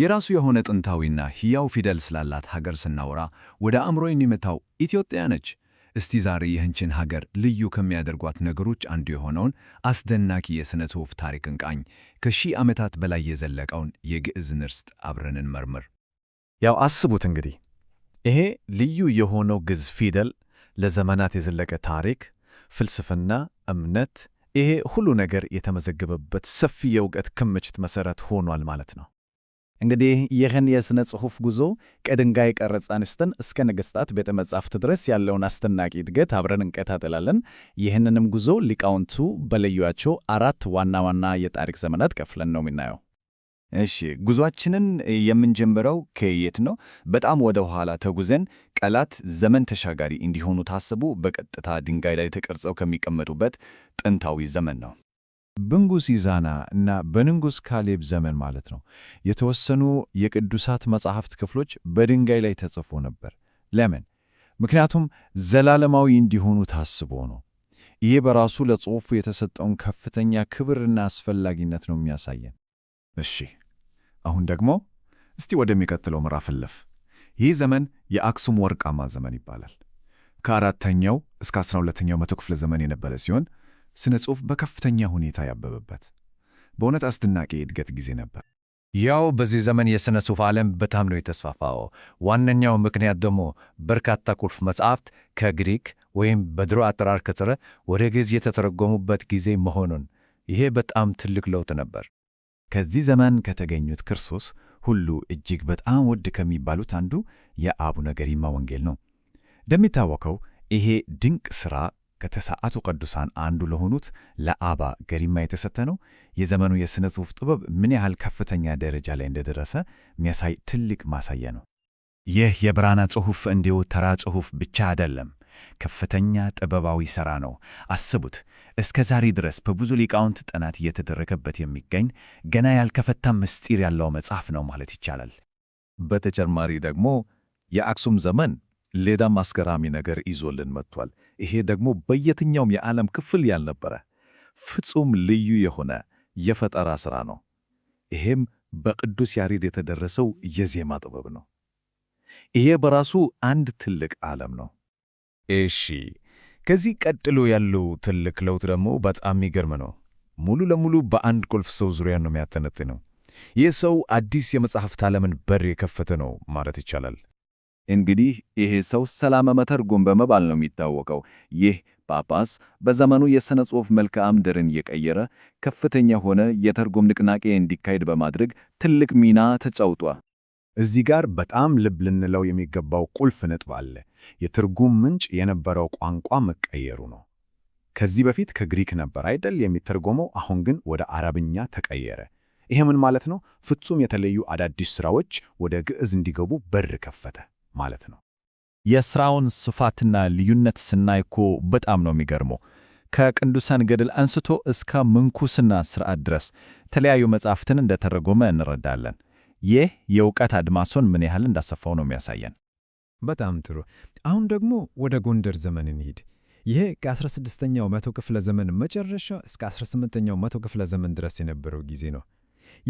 የራሱ የሆነ ጥንታዊና ሕያው ፊደል ስላላት ሀገር ስናወራ ወደ አእምሮ የሚመታው ኢትዮጵያ ነች። እስቲ ዛሬ ይህንችን ሀገር ልዩ ከሚያደርጓት ነገሮች አንዱ የሆነውን አስደናቂ የሥነ ጽሑፍ ታሪክ እንቃኝ። ከሺህ ዓመታት በላይ የዘለቀውን የግዕዝ ንርስት አብረንን መርምር። ያው አስቡት እንግዲህ ይሄ ልዩ የሆነው ግዕዝ ፊደል ለዘመናት የዘለቀ ታሪክ፣ ፍልስፍና፣ እምነት፣ ይሄ ሁሉ ነገር የተመዘገበበት ሰፊ የእውቀት ክምችት መሠረት ሆኗል ማለት ነው። እንግዲህ ይህን የሥነ ጽሑፍ ጉዞ ከድንጋይ ቀረጽ አንስተን እስከ ነገሥታት ቤተ መጻሕፍት ድረስ ያለውን አስደናቂ እድገት አብረን እንቀታተላለን። ይህንንም ጉዞ ሊቃውንቱ በለዩዋቸው አራት ዋና ዋና የታሪክ ዘመናት ከፍለን ነው የምናየው። እሺ፣ ጉዟችንን የምንጀምረው ከየት ነው? በጣም ወደ ኋላ ተጉዘን ቃላት ዘመን ተሻጋሪ እንዲሆኑ ታስቡ በቀጥታ ድንጋይ ላይ ተቀርጸው ከሚቀመጡበት ጥንታዊ ዘመን ነው። በንጉሥ ይዛና እና በንጉሥ ካሌብ ዘመን ማለት ነው የተወሰኑ የቅዱሳት መጻሕፍት ክፍሎች በድንጋይ ላይ ተጽፎ ነበር። ለምን? ምክንያቱም ዘላለማዊ እንዲሆኑ ታስቦ ነው። ይሄ በራሱ ለጽሑፉ የተሰጠውን ከፍተኛ ክብርና አስፈላጊነት ነው የሚያሳየን። እሺ፣ አሁን ደግሞ እስቲ ወደሚቀጥለው ምዕራፍ እንለፍ። ይህ ዘመን የአክሱም ወርቃማ ዘመን ይባላል። ከአራተኛው እስከ 12ኛው መቶ ክፍለ ዘመን የነበረ ሲሆን ስነ ጽሑፍ በከፍተኛ ሁኔታ ያበበበት በእውነት አስደናቂ የእድገት ጊዜ ነበር። ያው በዚህ ዘመን የሥነ ጽሑፍ ዓለም በጣም ነው የተስፋፋው። ዋነኛው ምክንያት ደግሞ በርካታ ቁልፍ መጻሕፍት ከግሪክ ወይም በድሮ አጠራር ከጥረ ወደ ግዕዝ የተተረጎሙበት ጊዜ መሆኑን፣ ይሄ በጣም ትልቅ ለውጥ ነበር። ከዚህ ዘመን ከተገኙት ክርስቶስ ሁሉ እጅግ በጣም ውድ ከሚባሉት አንዱ የአቡነ ገሪማ ወንጌል ነው። እንደሚታወቀው ይሄ ድንቅ ሥራ ከተሰዓቱ ቅዱሳን አንዱ ለሆኑት ለአባ ገሪማ የተሰጠ ነው። የዘመኑ የሥነ ጽሑፍ ጥበብ ምን ያህል ከፍተኛ ደረጃ ላይ እንደደረሰ የሚያሳይ ትልቅ ማሳያ ነው። ይህ የብራና ጽሑፍ እንዲሁ ተራ ጽሑፍ ብቻ አይደለም፣ ከፍተኛ ጥበባዊ ሥራ ነው። አስቡት፣ እስከ ዛሬ ድረስ በብዙ ሊቃውንት ጥናት እየተደረገበት የሚገኝ ገና ያልከፈታ ምስጢር ያለው መጽሐፍ ነው ማለት ይቻላል። በተጨማሪ ደግሞ የአክሱም ዘመን ሌላም አስገራሚ ነገር ይዞልን መጥቷል። ይሄ ደግሞ በየትኛውም የዓለም ክፍል ያልነበረ ፍጹም ልዩ የሆነ የፈጠራ ሥራ ነው። ይሄም በቅዱስ ያሬድ የተደረሰው የዜማ ጥበብ ነው። ይሄ በራሱ አንድ ትልቅ ዓለም ነው። እሺ፣ ከዚህ ቀጥሎ ያለው ትልቅ ለውጥ ደግሞ በጣም የሚገርም ነው። ሙሉ ለሙሉ በአንድ ቁልፍ ሰው ዙሪያ ነው የሚያጠነጥነው። ይህ ሰው አዲስ የመጽሐፍት ዓለምን በር የከፈተ ነው ማለት ይቻላል። እንግዲህ ይሄ ሰው ሰላመ መተርጎም በመባል ነው የሚታወቀው። ይህ ጳጳስ በዘመኑ የሥነ ጽሑፍ መልክዓ ምድርን የቀየረ ከፍተኛ ሆነ የተርጎም ንቅናቄ እንዲካሄድ በማድረግ ትልቅ ሚና ተጫውቷል። እዚህ ጋር በጣም ልብ ልንለው የሚገባው ቁልፍ ነጥብ አለ። የትርጉም ምንጭ የነበረው ቋንቋ መቀየሩ ነው። ከዚህ በፊት ከግሪክ ነበር አይደል የሚተርጎመው፣ አሁን ግን ወደ አረብኛ ተቀየረ። ይሄ ምን ማለት ነው? ፍጹም የተለዩ አዳዲስ ሥራዎች ወደ ግዕዝ እንዲገቡ በር ከፈተ። ማለት ነው። የሥራውን ስፋትና ልዩነት ስናይ እኮ በጣም ነው የሚገርመው። ከቅዱሳን ገድል አንስቶ እስከ ምንኩስና ሥርዓት ድረስ የተለያዩ መጻሕፍትን እንደተረጎመ እንረዳለን። ይህ የእውቀት አድማሶን ምን ያህል እንዳሰፋው ነው የሚያሳየን። በጣም ጥሩ። አሁን ደግሞ ወደ ጎንደር ዘመን እንሂድ። ይሄ ከ16ኛው መቶ ክፍለ ዘመን መጨረሻ እስከ 18ኛው መቶ ክፍለ ዘመን ድረስ የነበረው ጊዜ ነው።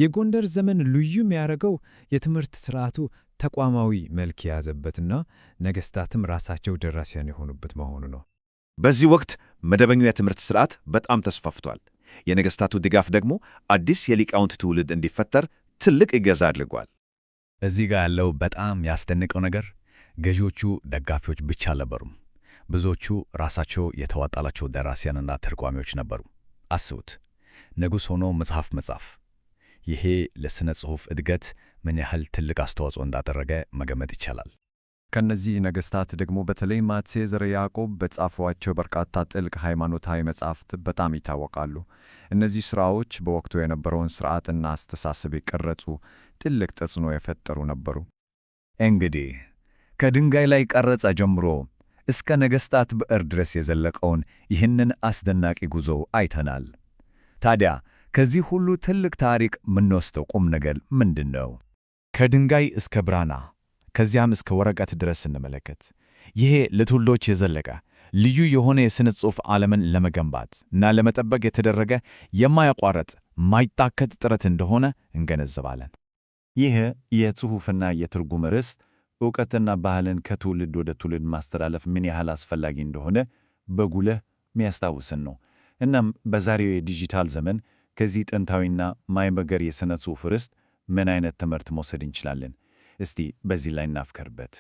የጎንደር ዘመን ልዩ የሚያደርገው የትምህርት ስርዓቱ ተቋማዊ መልክ የያዘበትና ነገሥታትም ራሳቸው ደራሲያን የሆኑበት መሆኑ ነው። በዚህ ወቅት መደበኛው የትምህርት ሥርዓት በጣም ተስፋፍቷል። የነገሥታቱ ድጋፍ ደግሞ አዲስ የሊቃውንት ትውልድ እንዲፈጠር ትልቅ እገዛ አድርጓል። እዚህ ጋር ያለው በጣም ያስደንቀው ነገር ገዢዎቹ ደጋፊዎች ብቻ አልነበሩም። ብዙዎቹ ራሳቸው የተዋጣላቸው ደራሲያንና ተርጓሚዎች ነበሩ። አስቡት፣ ንጉሥ ሆኖ መጽሐፍ መጻፍ ይሄ ለሥነ ጽሑፍ እድገት ምን ያህል ትልቅ አስተዋጽኦ እንዳደረገ መገመት ይቻላል። ከነዚህ ነገሥታት ደግሞ በተለይ ማቴ ዘረ ያዕቆብ በጻፏቸው በርካታ ጥልቅ ሃይማኖታዊ መጻሕፍት በጣም ይታወቃሉ። እነዚህ ሥራዎች በወቅቱ የነበረውን ሥርዓትና አስተሳሰብ የቀረጹ ትልቅ ተጽዕኖ የፈጠሩ ነበሩ። እንግዲህ ከድንጋይ ላይ ቀረጻ ጀምሮ እስከ ነገሥታት ብዕር ድረስ የዘለቀውን ይህንን አስደናቂ ጉዞ አይተናል። ታዲያ ከዚህ ሁሉ ትልቅ ታሪክ የምንወስደው ቁም ነገር ምንድን ነው? ከድንጋይ እስከ ብራና ከዚያም እስከ ወረቀት ድረስ ስንመለከት ይሄ ለትውልዶች የዘለቀ ልዩ የሆነ የሥነ ጽሑፍ ዓለምን ለመገንባት እና ለመጠበቅ የተደረገ የማያቋረጥ ማይታከት ጥረት እንደሆነ እንገነዘባለን። ይህ የጽሑፍና የትርጉም ርዕስ ዕውቀትና ባህልን ከትውልድ ወደ ትውልድ ማስተላለፍ ምን ያህል አስፈላጊ እንደሆነ በጉልህ የሚያስታውስን ነው። እናም በዛሬው የዲጂታል ዘመን ከዚህ ጥንታዊና ማይበገር የሥነ ጽሑፍ ርስት ምን አይነት ትምህርት መውሰድ እንችላለን? እስቲ በዚህ ላይ እናፍከርበት።